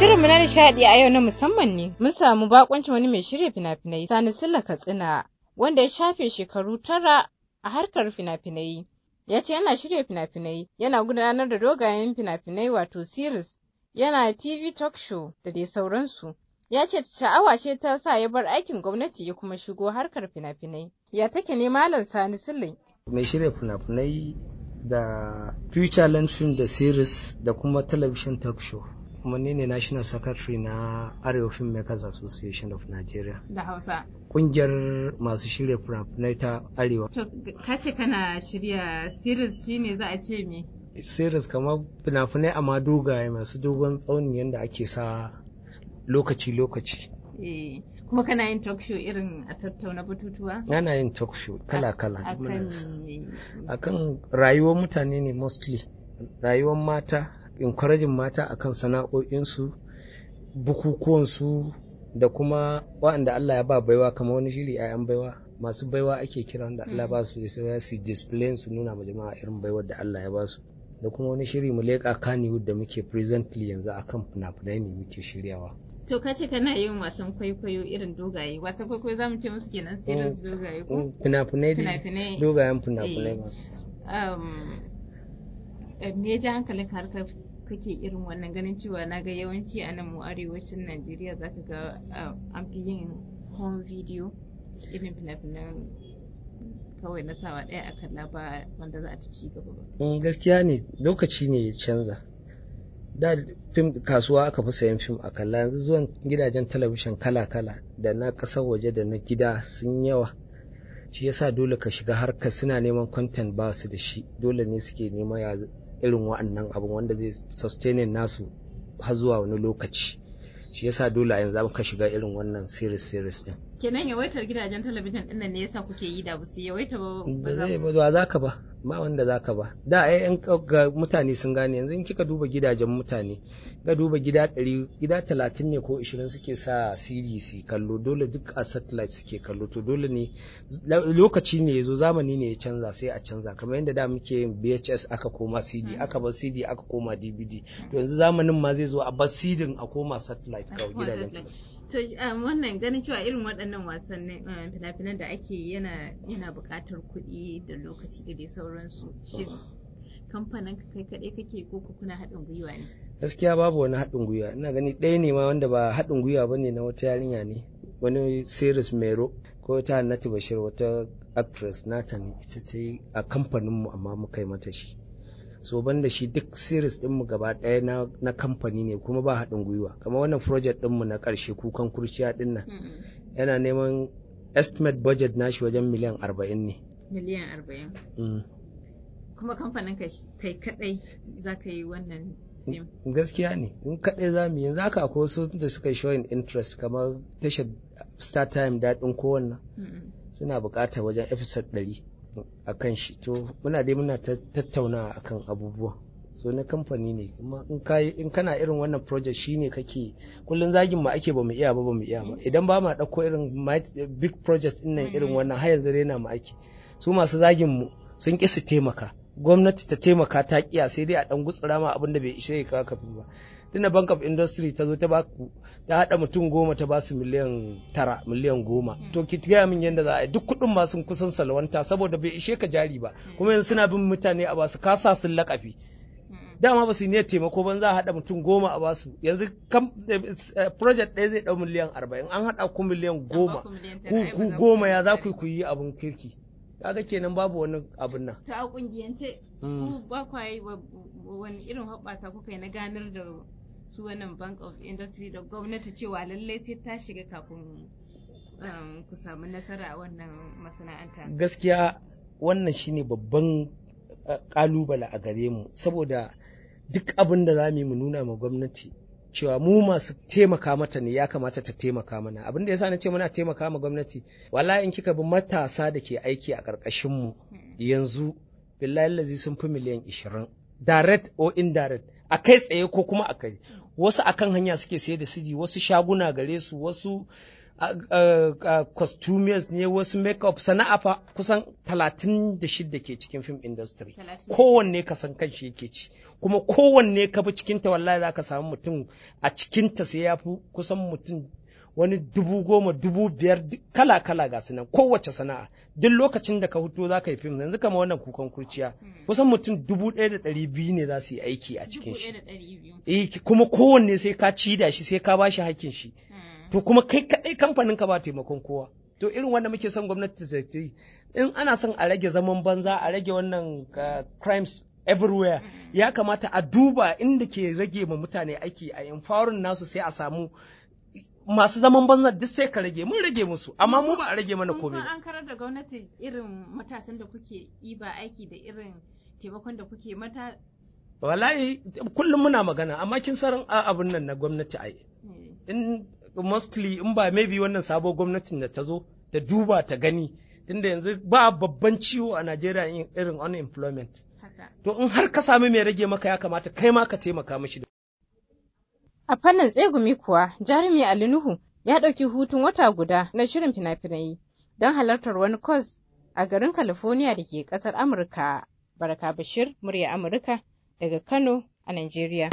mu na nishaɗi a yau na musamman ne, mun samu bakuncin wani mai shirya fina-finai Sani Silla Katsina, wanda ya shafe shekaru tara a harkar fina-finai. Ya ce yana shirya fina-finai, yana gudanar da dogayen fina-finai wato series, yana TV talk show da dai sauransu. Ya ce sha'awa ce ta sa ya bar aikin gwamnati ya kuma shigo harkar fina-finai. Ya take ne Malam Sani Silla? Mai shirya fina-finai da Future da series da kuma television talk show. kuma ni ne national secretary na arewa filmmakers association of nigeria da hausa kungiyar masu shirya fina ta arewa to ce kana shirya series shine za a ce me series kamar fina-finai amma dogaye masu dogon tsaunin yadda ake sa lokaci-lokaci eh, kuma kana yin talk show irin a tattauna batutuwa? yana yin talk show kala-kala. Akan rayuwar mutane ne mostly, rayuwar mata, inkurajin mata akan sana'o'insu bukukuwansu da kuma waɗanda Allah ya ba baiwa kamar wani shiri a yan baiwa masu baiwa ake kira da Allah mm. ba su ya su display su nuna ma jama'a irin baiwar da Allah ya ba su da kuma wani shiri mu leƙa Kannywood da muke presently yanzu akan fina-finai ne muke shiryawa to ka ce kana yin wasan kwaikwayo irin dogaye wasan kwaikwayo za mu ce musu kenan series mm. dogaye ko mm, fina-finai dogayen fina-finai eh. masu um, eh, me ya hankalin harkar kake irin wannan ganin cewa na ga yawanci a nan mu arewacin najeriya za ka ga ah, an fi yin home video irin fina-finan kawai na sawa ɗaya a kalla ba wanda za a ci ci gaba ba mm, gaskiya ne lokaci ne ya canza da fim kasuwa aka fi sayan fim a kalla yanzu zuwan gidajen talabishin kala-kala da na ƙasar waje da na gida sun yawa shi yasa dole ka shiga harkar suna neman kwantan ba su da shi dole ne suke nema ya irin wa'annan abin wanda zai sustaining nasu har zuwa wani lokaci shi yasa dole a yanzu ka shiga irin wannan series series din kenan yawaitar gidajen talabijin din nan ne yasa kuke yi da busu yawaita ba za ka ba ba wanda za ka ba da yayan yan ga mutane sun gane yanzu in kika duba gidajen mutane ga duba gida ɗari gida talatin ne ko ishirin suke sa cdc kallo dole duk a satellite suke kallo to dole ne lokaci ne ya zo zamani ne ya canza sai a canza kamar yadda da muke yin VHS aka koma CD hmm. aka bar CD aka koma DVD to yanzu zamanin ma zai zo a bar CD a koma satellite kawai gidajen To um, wannan ganin cewa irin waɗannan wasannin um, fina-finan da ake yana yana buƙatar kuɗi da lokaci da dai sauransu. Shi kamfanin kai kaɗai kake ko kuna haɗin gwiwa ne? Gaskiya babu wani haɗin gwiwa. Ina gani ɗaya ne ma wanda ba haɗin gwiwa ba ne na wata yarinya ne. Wani sirris Mero ko ta Hannatu Bashir wata actress nata ne ita ta yi a kamfanin mu amma muka yi mata shi. so da shi duk series dinmu gaba ɗaya na, na kamfani ne kuma ba haɗin gwiwa kamar wannan project dinmu na ƙarshe kukan kurciya din nan yana neman estimate budget nashi wajen miliyan 40 ne miliyan 40 mm. kuma kamfanin kai kadai za ka yi wannan gaskiya ne in kaɗai za mu yanzu haka akwai wasu da suka showing interest kamar tashar star time daɗin kowanne suna buƙatar wajen episode 100 a kan shi to muna dai muna tattauna akan abubuwa so na kamfani ne kuma in kana irin wannan project shine kake kullum zagin ma ake ba mu iya ba ba mu iya ba idan ba ma dauko irin big project din nan irin wannan har yanzu rena mu ake su masu zagin mu sun ki su taimaka gwamnati ta taimaka ta kiya sai dai a ɗan gutsura ma abin da bai ishe ka kafin ba tunda bank of industry ta zo ta ku ta hada mutum goma ta basu miliyan tara miliyan goma hmm. to ki gaya min yadda za a yi duk kuɗin ma sun kusan salwanta saboda bai ishe ka jari ba hmm. kuma yanzu suna bin mutane a basu kasa sun lakafi hmm. dama ba su niyyar taimako ban za a hada mutum goma a basu yanzu eh, eh, project ɗaya zai ɗau miliyan arba'in an hada ku miliyan goma ku goma ya za ku yi abin kirki kaga kenan babu wani abin nan ta kungiyance ku ba kwa wani irin hoɓɓasa kuka yi na ganar da su wannan bank of industry da gwamnati cewa lallai sai ta shiga kafin um, ku samu nasara a wannan masana'anta gaskiya wannan shine babban kalubale uh, a gare mu saboda duk abin da za mu yi mu nuna ma gwamnati cewa mu masu taimaka mata ne ya kamata ta taimaka mana abin da yasa na ce muna taimaka ma gwamnati wala in kika bi matasa da ke aiki a ƙarƙashin mu hmm. yanzu billahi lazi sun fi miliyan 20 direct or indirect a kai tsaye ko kuma a kai wasu a kan hanya suke sayar da siji wasu shaguna gare su wasu costumers ne wasu makeup sana'a fa kusan 36 ke cikin film industry kowanne ka san kanshi yake ci kuma kowanne ka bi cikinta wallahi za ka samu mutum a cikinta sai ya fi kusan mutum wani dubu goma dubu biyar kala kala ga sunan kowace sana'a duk lokacin da ka hutu za ka yi fim yanzu kama wannan kukan kurciya hmm. kusan mutum dubu ɗaya da ɗari biyu ne za su yi aiki a cikin shi eh, kuma kowanne sai ka ci da shi sai ka ba shi hakkin shi hmm. to kuma kai kaɗai kamfanin ka ba taimakon kowa to irin wanda muke son gwamnati ta yi in ana son a rage zaman banza a rage wannan crimes everywhere hmm. ya kamata a duba inda ke rage ma mutane aiki a infarin nasu sai a samu masu zaman banza duk sai ka rage mun rage musu amma mu ba a rage mana komai ba an karar da gwamnati irin matasan da kuke iba aiki da irin taimakon da kuke mata wallahi kullum muna magana amma kin a abun nan na gwamnati ai eh. in mostly in ba maybe wannan sabo gwamnatin da ta zo ta duba ta gani tunda yanzu ba babban ciwo a Najeriya irin unemployment to in har ka sami mai rage maka ya kamata kai ma ka taimaka mishi A fannin tsegumi kuwa, jarumi Ali Nuhu ya ɗauki hutun wata guda na shirin fina-finai don halartar wani kwas a garin California da ke ƙasar Amurka. Baraka Bashir, murya Amurka daga Kano a Najeriya.